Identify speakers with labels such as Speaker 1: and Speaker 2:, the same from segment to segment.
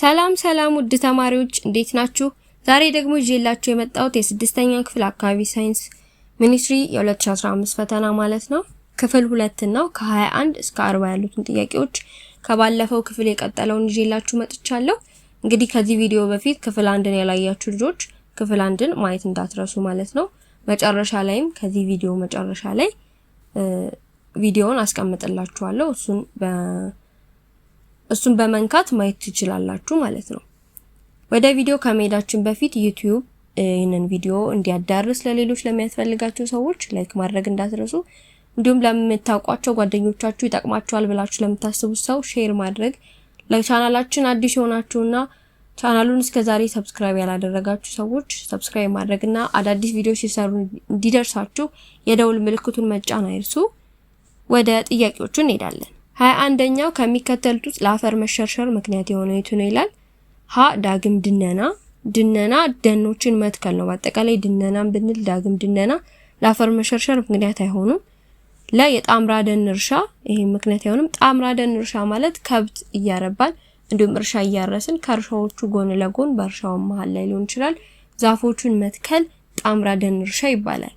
Speaker 1: ሰላም ሰላም ውድ ተማሪዎች እንዴት ናችሁ? ዛሬ ደግሞ ይዤላችሁ የመጣሁት የስድስተኛ ክፍል አካባቢ ሳይንስ ሚኒስትሪ የ2015 ፈተና ማለት ነው ክፍል ሁለት ነው። ከ21 እስከ 40 ያሉትን ጥያቄዎች ከባለፈው ክፍል የቀጠለውን ይዤላችሁ መጥቻለሁ። እንግዲህ ከዚህ ቪዲዮ በፊት ክፍል አንድን ያላያችሁ ልጆች ክፍል አንድን ማየት እንዳትረሱ ማለት ነው። መጨረሻ ላይም ከዚህ ቪዲዮ መጨረሻ ላይ ቪዲዮውን አስቀምጥላችኋለሁ እሱን እሱን በመንካት ማየት ትችላላችሁ ማለት ነው። ወደ ቪዲዮ ከመሄዳችን በፊት ዩቲዩብ ይህንን ቪዲዮ እንዲያዳርስ ለሌሎች ለሚያስፈልጋቸው ሰዎች ላይክ ማድረግ እንዳትረሱ፣ እንዲሁም ለምታውቋቸው ጓደኞቻችሁ ይጠቅማቸዋል ብላችሁ ለምታስቡት ሰው ሼር ማድረግ፣ ለቻናላችን አዲስ የሆናችሁና ቻናሉን እስከዛሬ ሰብስክራይብ ያላደረጋችሁ ሰዎች ሰብስክራይብ ማድረግና አዳዲስ ቪዲዮ ሲሰሩ እንዲደርሳችሁ የደውል ምልክቱን መጫን አይርሱ። ወደ ጥያቄዎቹ እንሄዳለን። ሀያ አንደኛው ከሚከተሉት ውስጥ ለአፈር መሸርሸር ምክንያት የሆነው የቱ ነው ይላል። ሀ ዳግም ድነና። ድነና ደኖችን መትከል ነው። በአጠቃላይ ድነናን ብንል ዳግም ድነና ለአፈር መሸርሸር ምክንያት አይሆኑም። ለ የጣምራ ደን እርሻ፣ ይሄ ምክንያት አይሆንም። ጣምራ ደን እርሻ ማለት ከብት እያረባል እንዲሁም እርሻ እያረስን ከእርሻዎቹ ጎን ለጎን በእርሻው መሀል ላይ ሊሆን ይችላል ዛፎቹን መትከል ጣምራ ደን እርሻ ይባላል።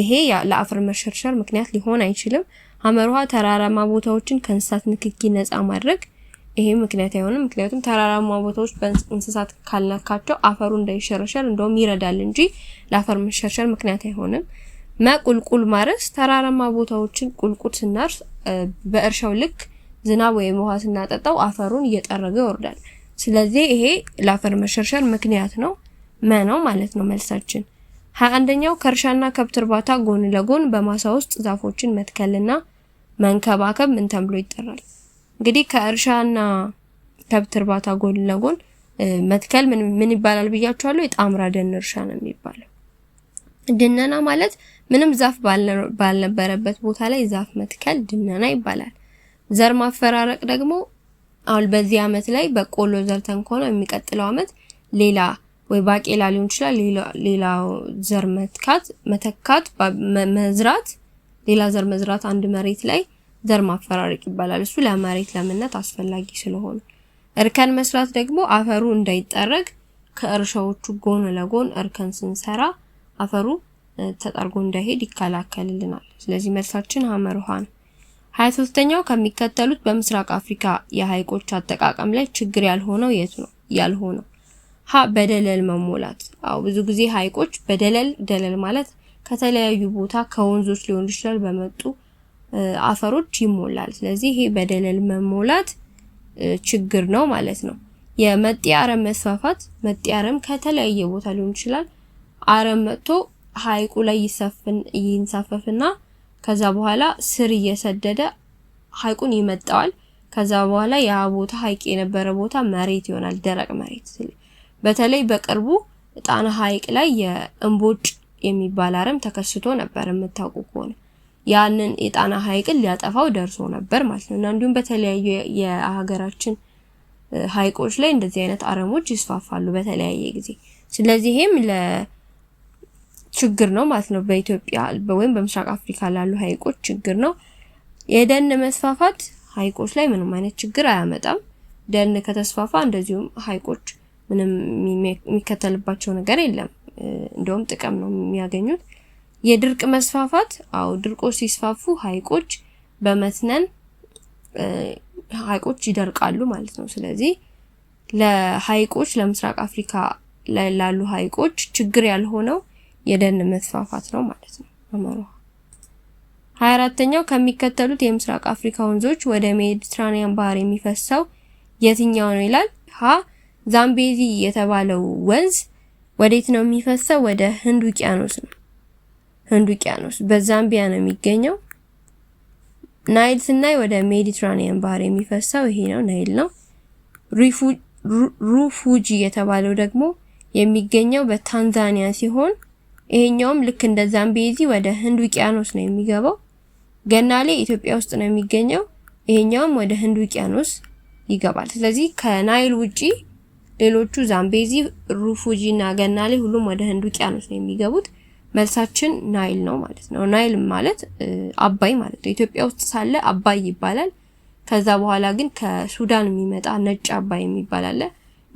Speaker 1: ይሄ ለአፈር መሸርሸር ምክንያት ሊሆን አይችልም። አመርሃ ተራራማ ቦታዎችን ከእንስሳት ንክኪ ነፃ ማድረግ ይሄ ምክንያት አይሆንም። ምክንያቱም ተራራማ ቦታዎች በእንስሳት ካልነካቸው አፈሩ እንዳይሸረሸር እንደውም ይረዳል እንጂ ለአፈር መሸርሸር ምክንያት አይሆንም። መቁልቁል ማረስ ተራራማ ቦታዎችን ቁልቁል ስናርስ በእርሻው ልክ ዝናብ ወይም ውሃ ስናጠጣው አፈሩን እየጠረገ ይወርዳል። ስለዚህ ይሄ ለአፈር መሸርሸር ምክንያት ነው መ ነው ማለት ነው መልሳችን። ሀያ አንደኛው ከእርሻና ከብት እርባታ ጎን ለጎን በማሳ ውስጥ ዛፎችን መትከልና መንከባከብ ምን ተብሎ ይጠራል? እንግዲህ ከእርሻና ከብት እርባታ ጎን ለጎን መትከል ምን ምን ይባላል ብያችኋለሁ? የጣምራ ደን እርሻ ነው የሚባለው። ድነና ማለት ምንም ዛፍ ባልነበረበት ቦታ ላይ ዛፍ መትከል ድነና ይባላል። ዘር ማፈራረቅ ደግሞ አሁን በዚህ አመት ላይ በቆሎ ዘርተን ከሆነ የሚቀጥለው አመት ሌላ ወይ ባቄላ ሊሆን ይችላል። ሌላ ዘር መትካት መተካት መዝራት ሌላ ዘር መዝራት አንድ መሬት ላይ ዘር ማፈራረቅ ይባላል። እሱ ለመሬት ለምነት አስፈላጊ ስለሆነ እርከን መስራት ደግሞ አፈሩ እንዳይጠረግ ከእርሻዎቹ ጎን ለጎን እርከን ስንሰራ አፈሩ ተጠርጎ እንዳይሄድ ይከላከልልናል። ስለዚህ መልሳችን ሀመር ውሃ ነው። ሀያ ሶስተኛው ከሚከተሉት በምስራቅ አፍሪካ የሀይቆች አጠቃቀም ላይ ችግር ያልሆነው የት ነው? ያልሆነው ሀ በደለል መሞላት። አዎ ብዙ ጊዜ ሀይቆች በደለል ደለል ማለት ከተለያዩ ቦታ ከወንዞች ሊሆን ይችላል በመጡ አፈሮች ይሞላል። ስለዚህ ይሄ በደለል መሞላት ችግር ነው ማለት ነው። የመጤ አረም መስፋፋት፣ መጤ አረም ከተለያየ ቦታ ሊሆን ይችላል። አረም መጥቶ ሐይቁ ላይ ይሰፍን ይንሳፈፍና ከዛ በኋላ ስር እየሰደደ ሐይቁን ይመጣዋል። ከዛ በኋላ ያ ቦታ ሐይቅ የነበረ ቦታ መሬት ይሆናል፣ ደረቅ መሬት። በተለይ በቅርቡ ጣና ሐይቅ ላይ የእንቦጭ የሚባል አረም ተከስቶ ነበር የምታውቁ ከሆነ ያንን የጣና ሐይቅን ሊያጠፋው ደርሶ ነበር ማለት ነው እና እንዲሁም በተለያዩ የሀገራችን ሐይቆች ላይ እንደዚህ አይነት አረሞች ይስፋፋሉ በተለያየ ጊዜ። ስለዚህ ይሄም ለችግር ነው ማለት ነው። በኢትዮጵያ ወይም በምስራቅ አፍሪካ ላሉ ሐይቆች ችግር ነው። የደን መስፋፋት ሐይቆች ላይ ምንም አይነት ችግር አያመጣም። ደን ከተስፋፋ እንደዚሁም ሐይቆች ምንም የሚከተልባቸው ነገር የለም። እንደውም ጥቅም ነው የሚያገኙት። የድርቅ መስፋፋት አው ድርቆች ሲስፋፉ ሀይቆች በመትነን ሀይቆች ይደርቃሉ ማለት ነው። ስለዚህ ለሀይቆች ለምስራቅ አፍሪካ ላሉ ሀይቆች ችግር ያልሆነው የደን መስፋፋት ነው ማለት ነው። አመራ ሀያ ከሚከተሉት የምስራቅ አፍሪካ ወንዞች ወደ ሜዲትራኒያን ባህር የሚፈሰው የትኛው ነው ይላል። ሀ ዛምቤዚ የተባለው ወንዝ ወዴት ነው የሚፈሰው? ወደ ህንድ ውቅያኖስ ነው። ህንድ ውቅያኖስ በዛምቢያ ነው የሚገኘው። ናይል ስናይ ወደ ሜዲትራኒያን ባህር የሚፈሳው ይሄ ነው ናይል ነው። ሩፉጂ የተባለው ደግሞ የሚገኘው በታንዛኒያ ሲሆን ይሄኛውም ልክ እንደ ዛምቤዚ ወደ ህንድ ውቅያኖስ ነው የሚገባው። ገናሌ ኢትዮጵያ ውስጥ ነው የሚገኘው። ይሄኛውም ወደ ህንድ ውቅያኖስ ይገባል። ስለዚህ ከናይል ውጪ ሌሎቹ ዛምቤዚ፣ ሩፉጂ እና ገናሌ ሁሉም ወደ ህንድ ውቅያኖስ ነው የሚገቡት። መልሳችን ናይል ነው ማለት ነው። ናይል ማለት አባይ ማለት ነው። ኢትዮጵያ ውስጥ ሳለ አባይ ይባላል። ከዛ በኋላ ግን ከሱዳን የሚመጣ ነጭ አባይ የሚባል አለ።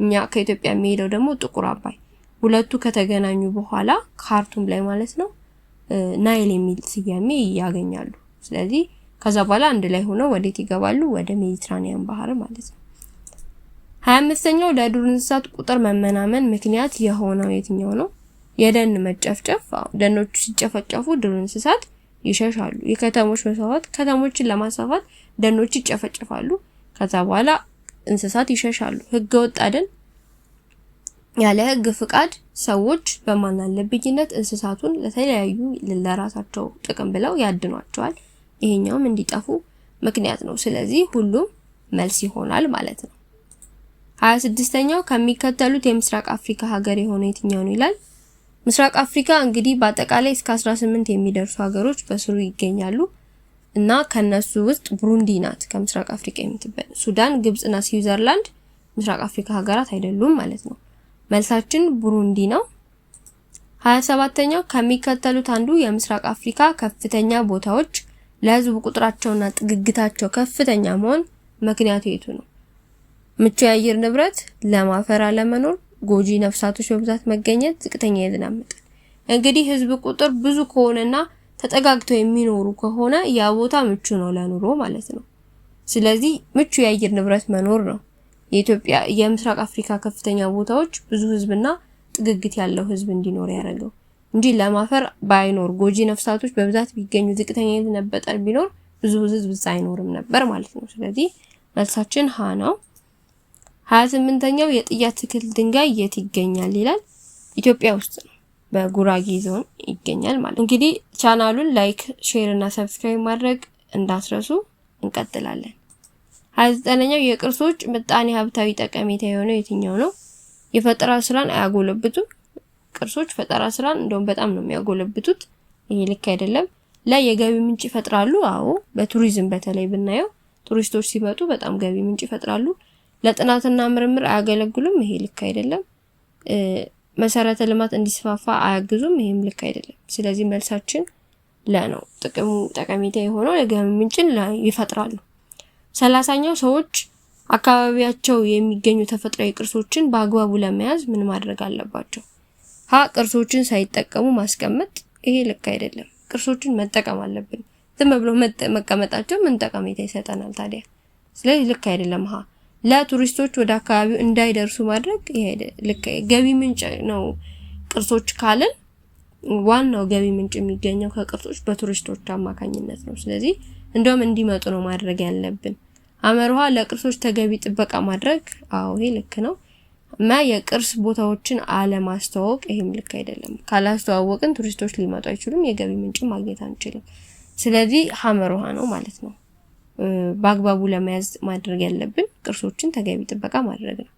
Speaker 1: እኛ ከኢትዮጵያ የሚሄደው ደግሞ ጥቁር አባይ። ሁለቱ ከተገናኙ በኋላ ካርቱም ላይ ማለት ነው ናይል የሚል ስያሜ ያገኛሉ። ስለዚህ ከዛ በኋላ አንድ ላይ ሆነው ወዴት ይገባሉ? ወደ ሜዲትራኒያን ባህር ማለት ነው። ሀያ አምስተኛው ለዱር እንስሳት ቁጥር መመናመን ምክንያት የሆነው የትኛው ነው? የደን መጨፍጨፍ ደኖች ሲጨፈጨፉ ድሩ እንስሳት ይሸሻሉ። የከተሞች መስፋፋት ከተሞችን ለማስፋፋት ደኖች ይጨፈጨፋሉ። ከዛ በኋላ እንስሳት ይሸሻሉ። ህገ ወጥ አደን ያለ ህግ ፍቃድ ሰዎች በማናለብኝነት እንስሳቱን ለተለያዩ ለራሳቸው ጥቅም ብለው ያድኗቸዋል። ይሄኛውም እንዲጠፉ ምክንያት ነው። ስለዚህ ሁሉም መልስ ይሆናል ማለት ነው። ሀያ ስድስተኛው ከሚከተሉት የምስራቅ አፍሪካ ሀገር የሆነ የትኛው ነው ይላል። ምስራቅ አፍሪካ እንግዲህ በአጠቃላይ እስከ 18 የሚደርሱ ሀገሮች በስሩ ይገኛሉ እና ከነሱ ውስጥ ብሩንዲ ናት ከምስራቅ አፍሪካ የምትበል። ሱዳን፣ ግብጽና ስዊዘርላንድ ምስራቅ አፍሪካ ሀገራት አይደሉም ማለት ነው። መልሳችን ብሩንዲ ነው። 27ኛው ከሚከተሉት አንዱ የምስራቅ አፍሪካ ከፍተኛ ቦታዎች ለህዝብ ቁጥራቸውና ጥግግታቸው ከፍተኛ መሆን ምክንያቱ የቱ ነው? ምቹ የአየር ንብረት፣ ለም አፈር አለመኖር፣ ጎጂ ነፍሳቶች በብዛት መገኘት ዝቅተኛ የዝናብ መጠን እንግዲህ ህዝብ ቁጥር ብዙ ከሆነና ተጠጋግተው የሚኖሩ ከሆነ ያ ቦታ ምቹ ነው ለኑሮ ማለት ነው። ስለዚህ ምቹ የአየር ንብረት መኖር ነው። የኢትዮጵያ የምስራቅ አፍሪካ ከፍተኛ ቦታዎች ብዙ ህዝብና ጥግግት ያለው ህዝብ እንዲኖር ያደረገው እንጂ ለማፈር ባይኖር ጎጂ ነፍሳቶች በብዛት ቢገኙ ዝቅተኛ የዝናብ መጠን ቢኖር ብዙ ህዝብ አይኖርም ነበር ማለት ነው። ስለዚህ መልሳችን ሀ ነው። 28ኛው የጥያ ትክል ድንጋይ የት ይገኛል ይላል። ኢትዮጵያ ውስጥ ነው፣ በጉራጌ ዞን ይገኛል ማለት። እንግዲህ ቻናሉን ላይክ፣ ሼር እና ሰብስክራይብ ማድረግ እንዳስረሱ። እንቀጥላለን። 29ኛው የቅርሶች ምጣኔ ሀብታዊ ጠቀሜታ የሆነው የትኛው ነው? የፈጠራ ስራን አያጎለብቱም። ቅርሶች ፈጠራ ስራን እንደውም በጣም ነው የሚያጎለብቱት። ይሄ ልክ አይደለም። ላይ የገቢ ምንጭ ይፈጥራሉ። አዎ፣ በቱሪዝም በተለይ ብናየው ቱሪስቶች ሲመጡ በጣም ገቢ ምንጭ ይፈጥራሉ። ለጥናትና ምርምር አያገለግሉም። ይሄ ልክ አይደለም። መሰረተ ልማት እንዲስፋፋ አያግዙም። ይሄም ልክ አይደለም። ስለዚህ መልሳችን ለ ነው። ጥቅሙ ጠቀሜታ የሆነው የገቢ ምንጭን ይፈጥራሉ። ሰላሳኛው ሰዎች አካባቢያቸው የሚገኙ ተፈጥሯዊ ቅርሶችን በአግባቡ ለመያዝ ምን ማድረግ አለባቸው? ሀ ቅርሶችን ሳይጠቀሙ ማስቀመጥ። ይሄ ልክ አይደለም። ቅርሶችን መጠቀም አለብን። ዝም ብሎ መቀመጣቸው ምን ጠቀሜታ ይሰጠናል ታዲያ? ስለዚህ ልክ አይደለም። ሀ ለቱሪስቶች ወደ አካባቢው እንዳይደርሱ ማድረግ ገቢ ምንጭ ነው። ቅርሶች ካልን ዋናው ገቢ ምንጭ የሚገኘው ከቅርሶች በቱሪስቶች አማካኝነት ነው። ስለዚህ እንደውም እንዲመጡ ነው ማድረግ ያለብን። አመርሃ ለቅርሶች ተገቢ ጥበቃ ማድረግ፣ አዎ ይሄ ልክ ነው። እና የቅርስ ቦታዎችን አለማስተዋወቅ፣ ይሄም ልክ አይደለም። ካላስተዋወቅን ቱሪስቶች ሊመጡ አይችሉም፣ የገቢ ምንጭ ማግኘት አንችልም። ስለዚህ ሀመርሃ ነው ማለት ነው። በአግባቡ ለመያዝ ማድረግ ያለብን ቅርሶችን ተገቢ ጥበቃ ማድረግ ነው።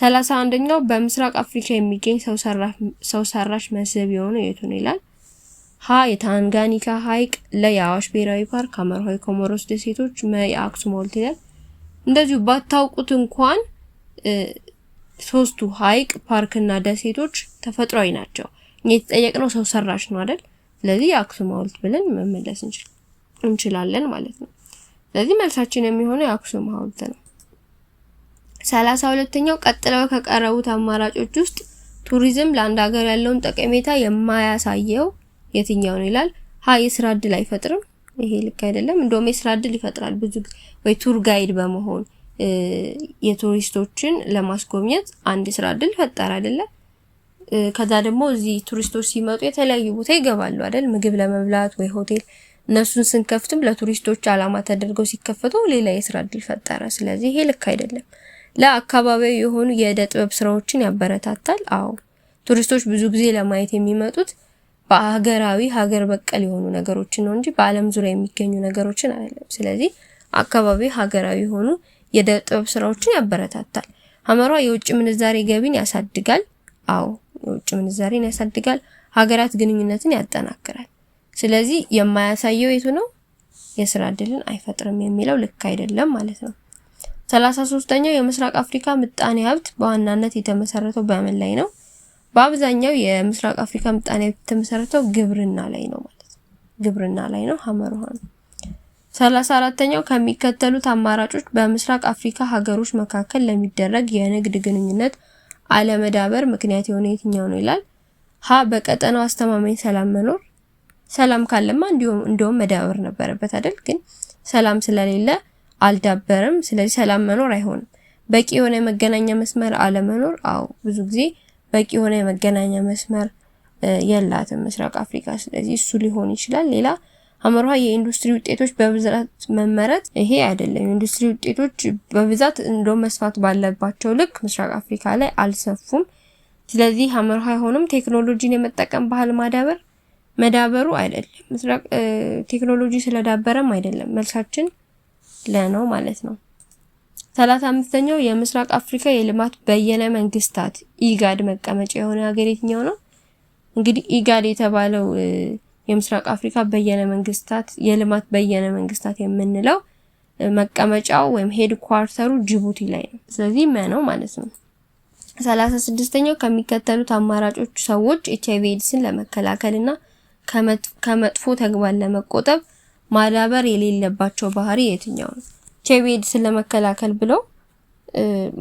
Speaker 1: ሰላሳ አንደኛው በምስራቅ አፍሪካ የሚገኝ ሰው ሰራሽ መስህብ የሆነው የቱን ይላል? ሀ የታንጋኒካ ሐይቅ፣ ለ የአዋሽ ብሔራዊ ፓርክ፣ አመርሃ ኮሞሮስ ደሴቶች፣ መ የአክሱም ሐውልት ይላል። እንደዚሁ ባታውቁት እንኳን ሶስቱ ሐይቅ፣ ፓርክና ደሴቶች ተፈጥሯዊ ናቸው። እኛ የተጠየቅነው ሰው ሰራሽ ነው አይደል? ስለዚህ የአክሱም ሐውልት ብለን መመለስ እንችላለን ማለት ነው። ስለዚህ መልሳችን የሚሆነው የአክሱም ሐውልት ነው። ሰላሳ ሁለተኛው ቀጥለው ከቀረቡት አማራጮች ውስጥ ቱሪዝም ለአንድ ሀገር ያለውን ጠቀሜታ የማያሳየው የትኛው ነው ይላል። ሀ የስራ እድል አይፈጥርም። ይሄ ልክ አይደለም። እንደውም የስራ እድል ይፈጥራል ብዙ ወይ ቱር ጋይድ በመሆን የቱሪስቶችን ለማስጎብኘት አንድ የስራ እድል ፈጠረ አይደለ? ከዛ ደግሞ እዚህ ቱሪስቶች ሲመጡ የተለያዩ ቦታ ይገባሉ አይደል? ምግብ ለመብላት ወይ ሆቴል እነሱን ስንከፍትም ለቱሪስቶች አላማ ተደርገው ሲከፈቱ ሌላ የስራ እድል ፈጠረ። ስለዚህ ይሄ ልክ አይደለም። ለአካባቢው የሆኑ የእደ ጥበብ ስራዎችን ያበረታታል። አዎ ቱሪስቶች ብዙ ጊዜ ለማየት የሚመጡት በሀገራዊ ሀገር በቀል የሆኑ ነገሮችን ነው እንጂ በዓለም ዙሪያ የሚገኙ ነገሮችን አይደለም። ስለዚህ አካባቢ ሀገራዊ የሆኑ የእደ ጥበብ ስራዎችን ያበረታታል። ሀመሯ የውጭ ምንዛሬ ገቢን ያሳድጋል። አዎ የውጭ ምንዛሬን ያሳድጋል። ሀገራት ግንኙነትን ያጠናክራል። ስለዚህ የማያሳየው የቱ ነው? የስራ እድልን አይፈጥርም የሚለው ልክ አይደለም ማለት ነው። 33 33ኛው የምስራቅ አፍሪካ ምጣኔ ሀብት በዋናነት የተመሰረተው በምን ላይ ነው? በአብዛኛው የምስራቅ አፍሪካ ምጣኔ ሀብት የተመሰረተው ግብርና ላይ ነው ማለት ነው። ግብርና ላይ ነው ሀመር ውሃ 34 34ኛው ከሚከተሉት አማራጮች በምስራቅ አፍሪካ ሀገሮች መካከል ለሚደረግ የንግድ ግንኙነት አለመዳበር ምክንያት የሆነ የትኛው ነው ይላል። ሀ በቀጠናው አስተማማኝ ሰላም መኖር ሰላም ካለማ እንዲሁም መዳበር ነበረበት አይደል? ግን ሰላም ስለሌለ አልዳበርም። ስለዚህ ሰላም መኖር አይሆንም። በቂ የሆነ የመገናኛ መስመር አለመኖር። አዎ ብዙ ጊዜ በቂ የሆነ የመገናኛ መስመር የላትም ምስራቅ አፍሪካ። ስለዚህ እሱ ሊሆን ይችላል። ሌላ አመርሃ የኢንዱስትሪ ውጤቶች በብዛት መመረት፣ ይሄ አይደለም። የኢንዱስትሪ ውጤቶች በብዛት እንደውም መስፋት ባለባቸው ልክ ምስራቅ አፍሪካ ላይ አልሰፉም። ስለዚህ አመርሃ አይሆንም። ቴክኖሎጂን የመጠቀም ባህል ማዳበር መዳበሩ አይደለም ቴክኖሎጂ ስለዳበረም አይደለም። መልሳችን ለነው ማለት ነው። ሰላሳ አምስተኛው የምስራቅ አፍሪካ የልማት በየነ መንግስታት ኢጋድ መቀመጫ የሆነ ሀገር የትኛው ነው? እንግዲህ ኢጋድ የተባለው የምስራቅ አፍሪካ በየነ መንግስታት የልማት በየነ መንግስታት የምንለው መቀመጫው ወይም ሄድ ኳርተሩ ጅቡቲ ላይ ነው። ስለዚህ መ ነው ማለት ነው። ሰላሳ ስድስተኛው ከሚከተሉት አማራጮች ሰዎች ኤች አይቪ ኤድስን ለመከላከልና ከመጥፎ ተግባር ለመቆጠብ ማዳበር የሌለባቸው ባህሪ የትኛው ነው? ኤች አይ ቪ ኤድስን ለመከላከል ብለው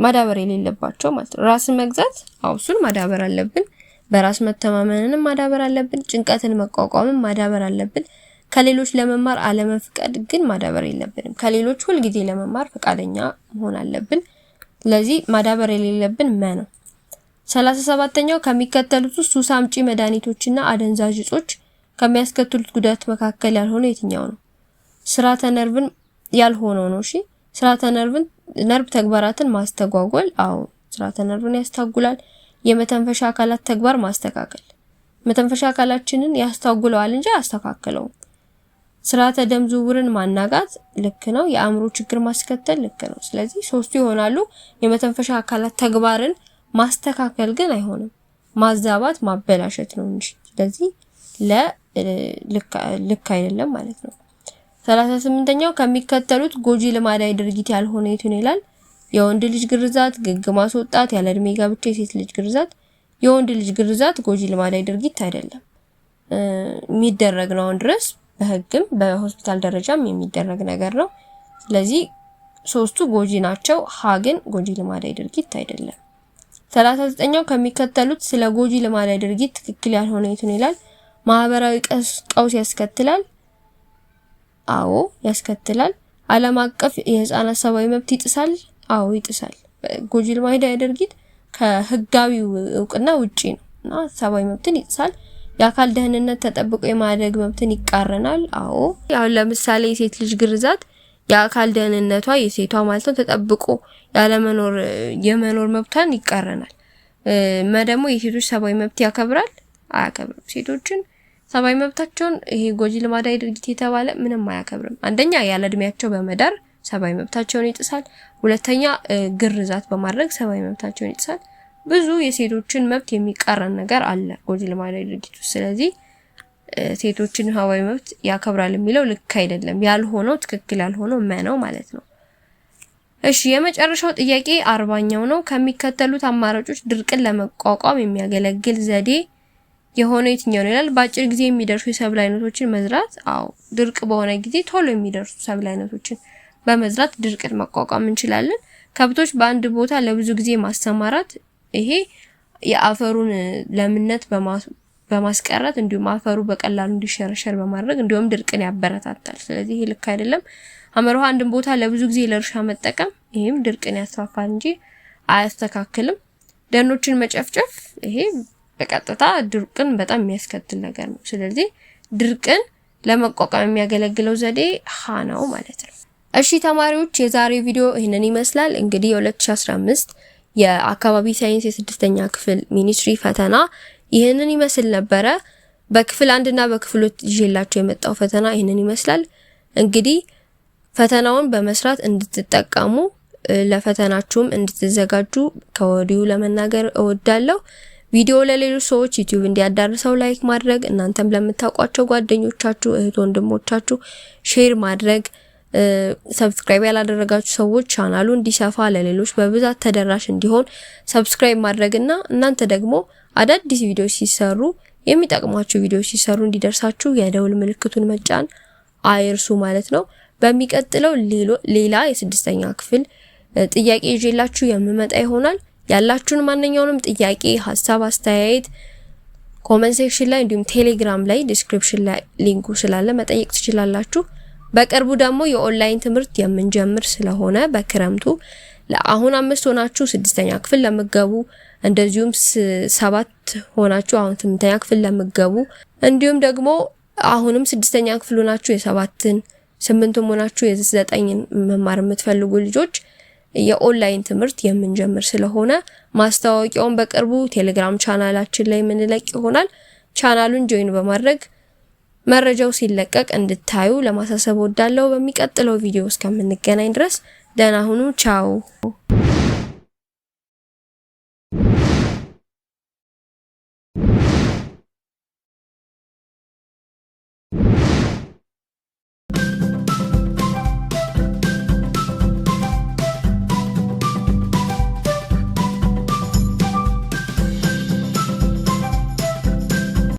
Speaker 1: ማዳበር የሌለባቸው ማለት ነው። ራስን መግዛት፣ አዎ ማዳበር አለብን። በራስ መተማመንንም ማዳበር አለብን። ጭንቀትን መቋቋምን ማዳበር አለብን። ከሌሎች ለመማር አለመፍቀድ ግን ማዳበር የለብንም። ከሌሎች ሁልጊዜ ለመማር ፈቃደኛ መሆን አለብን። ስለዚህ ማዳበር የሌለብን መ ነው። ሰላሳ ሰባተኛው ከሚከተሉት ውስጥ ሱስ አምጪ መድኃኒቶችና አደንዛዥ እጾች ከሚያስከትሉት ጉዳት መካከል ያልሆነ የትኛው ነው? ስርዓተ ነርቭን ያልሆነው ነው። እሺ ስርዓተ ነርቭን ነርቭ ተግባራትን ማስተጓጎል፣ አዎ ስርዓተ ነርቭን ያስታጉላል። የመተንፈሻ አካላት ተግባር ማስተካከል፣ መተንፈሻ አካላችንን ያስታጉለዋል እንጂ አያስተካክለውም። ስርዓተ ደም ዝውውርን ማናጋት ልክ ነው። የአእምሮ ችግር ማስከተል ልክ ነው። ስለዚህ ሶስቱ ይሆናሉ። የመተንፈሻ አካላት ተግባርን ማስተካከል ግን አይሆንም፣ ማዛባት ማበላሸት ነው እንጂ ስለዚህ ለ ልክ አይደለም ማለት ነው። ሰላሳ ስምንተኛው ከሚከተሉት ጎጂ ልማዳዊ ድርጊት ያልሆነ የቱን ይላል? የወንድ ልጅ ግርዛት፣ ግግ ማስወጣት፣ ያለ እድሜ ጋብቻ፣ የሴት ልጅ ግርዛት። የወንድ ልጅ ግርዛት ጎጂ ልማዳዊ ድርጊት አይደለም፣ የሚደረግ ነው አሁን ድረስ በህግም በሆስፒታል ደረጃም የሚደረግ ነገር ነው። ስለዚህ ሶስቱ ጎጂ ናቸው። ሀ ግን ጎጂ ልማዳዊ ድርጊት አይደለም። ሰላሳ ዘጠኛው ከሚከተሉት ስለ ጎጂ ልማዳዊ ድርጊት ትክክል ያልሆነ የቱን ይላል? ማህበራዊ ቀውስ ያስከትላል? አዎ ያስከትላል። ዓለም አቀፍ የህፃናት ሰብአዊ መብት ይጥሳል? አዎ ይጥሳል። ጎጂ ልማዳዊ ድርጊት ከህጋዊው እውቅና ውጪ ነው እና ሰብአዊ መብትን ይጥሳል። የአካል ደህንነት ተጠብቆ የማደግ መብትን ይቃረናል። አዎ አሁን ለምሳሌ የሴት ልጅ ግርዛት የአካል ደህንነቷ የሴቷ ማለት ነው ተጠብቆ ያለመኖር የመኖር መብቷን ይቃረናል። መ የሴቶች ሰብአዊ መብት ያከብራል? አያከብርም። ሴቶችን ሰብአዊ መብታቸውን ይሄ ጎጂ ልማዳዊ ድርጊት የተባለ ምንም አያከብርም። አንደኛ ያለ እድሜያቸው በመዳር ሰብአዊ መብታቸውን ይጥሳል። ሁለተኛ ግርዛት በማድረግ ሰብአዊ መብታቸውን ይጥሳል። ብዙ የሴቶችን መብት የሚቃረን ነገር አለ ጎጂ ልማዳዊ ድርጊቱ። ስለዚህ ሴቶችን ሰብአዊ መብት ያከብራል የሚለው ልክ አይደለም። ያልሆነው ትክክል ያልሆነው መነው ማለት ነው። እሺ የመጨረሻው ጥያቄ አርባኛው ነው። ከሚከተሉት አማራጮች ድርቅን ለመቋቋም የሚያገለግል ዘዴ የሆነው የትኛው ነው ይላል። በአጭር ጊዜ የሚደርሱ የሰብል አይነቶችን መዝራት። አዎ ድርቅ በሆነ ጊዜ ቶሎ የሚደርሱ ሰብል አይነቶችን በመዝራት ድርቅን መቋቋም እንችላለን። ከብቶች በአንድ ቦታ ለብዙ ጊዜ ማሰማራት፣ ይሄ የአፈሩን ለምነት በማስቀረት እንዲሁም አፈሩ በቀላሉ እንዲሸረሸር በማድረግ እንዲሁም ድርቅን ያበረታታል። ስለዚህ ይሄ ልክ አይደለም። አመርሃ አንድን ቦታ ለብዙ ጊዜ ለእርሻ መጠቀም፣ ይሄም ድርቅን ያስፋፋል እንጂ አያስተካክልም። ደኖችን መጨፍጨፍ፣ ይሄ በቀጥታ ድርቅን በጣም የሚያስከትል ነገር ነው። ስለዚህ ድርቅን ለመቋቋም የሚያገለግለው ዘዴ ሀ ነው ማለት ነው። እሺ ተማሪዎች የዛሬው ቪዲዮ ይህንን ይመስላል። እንግዲህ የ2015 የአካባቢ ሳይንስ የስድስተኛ ክፍል ሚኒስትሪ ፈተና ይህንን ይመስል ነበረ። በክፍል አንድና በክፍል ሁለት ይዤላችሁ የመጣው ፈተና ይህንን ይመስላል። እንግዲህ ፈተናውን በመስራት እንድትጠቀሙ ለፈተናችሁም እንድትዘጋጁ ከወዲሁ ለመናገር እወዳለሁ። ቪዲዮ ለሌሎች ሰዎች ዩቲዩብ እንዲያዳርሰው ላይክ ማድረግ፣ እናንተም ለምታውቋቸው ጓደኞቻችሁ፣ እህት ወንድሞቻችሁ ሼር ማድረግ፣ ሰብስክራይብ ያላደረጋችሁ ሰዎች ቻናሉ እንዲሰፋ ለሌሎች በብዛት ተደራሽ እንዲሆን ሰብስክራይብ ማድረግና እናንተ ደግሞ አዳዲስ ቪዲዮ ሲሰሩ የሚጠቅማችሁ ቪዲዮ ሲሰሩ እንዲደርሳችሁ የደውል ምልክቱን መጫን አይርሱ ማለት ነው። በሚቀጥለው ሌላ የስድስተኛ ክፍል ጥያቄ ይዤላችሁ የምመጣ ይሆናል። ያላችሁን ማንኛውንም ጥያቄ፣ ሀሳብ፣ አስተያየት ኮመንት ሴክሽን ላይ እንዲሁም ቴሌግራም ላይ ዲስክሪፕሽን ላይ ሊንኩ ስላለ መጠየቅ ትችላላችሁ። በቅርቡ ደግሞ የኦንላይን ትምህርት የምንጀምር ስለሆነ በክረምቱ ለአሁን አምስት ሆናችሁ ስድስተኛ ክፍል ለምገቡ እንደዚሁም ሰባት ሆናችሁ አሁን ስምንተኛ ክፍል ለምገቡ እንዲሁም ደግሞ አሁንም ስድስተኛ ክፍል ሆናችሁ የሰባትን ስምንቱም ሆናችሁ የዘጠኝን መማር የምትፈልጉ ልጆች የኦንላይን ትምህርት የምንጀምር ስለሆነ ማስታወቂያውን በቅርቡ ቴሌግራም ቻናላችን ላይ የምንለቅ ይሆናል። ቻናሉን ጆይን በማድረግ መረጃው ሲለቀቅ እንድታዩ ለማሳሰብ ወዳለው። በሚቀጥለው ቪዲዮ እስከምንገናኝ ድረስ ደህና ሁኑ። ቻው